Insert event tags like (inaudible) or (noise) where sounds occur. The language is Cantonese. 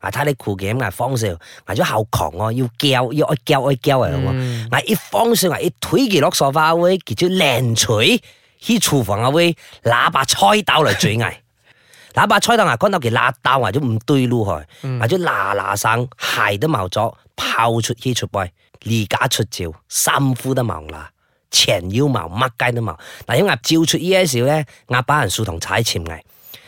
啊！睇你酷嘅咁啊，放笑，我就好狂哦，要叫，要愛叫愛叫嚟喎。我一放笑，我一推佢落沙發位，佢就連錘去廚房阿位，拿把菜刀嚟追我， (laughs) 拿把菜刀啊，看到佢拿刀啊，就唔對路嗬，我就拿拿聲，鞋都冇咗，跑出去出外，離家出走，衫褲都冇啦，長腰冇，乜雞都冇。嗱，因為照出呢少咧，阿爸人數同踩前嚟。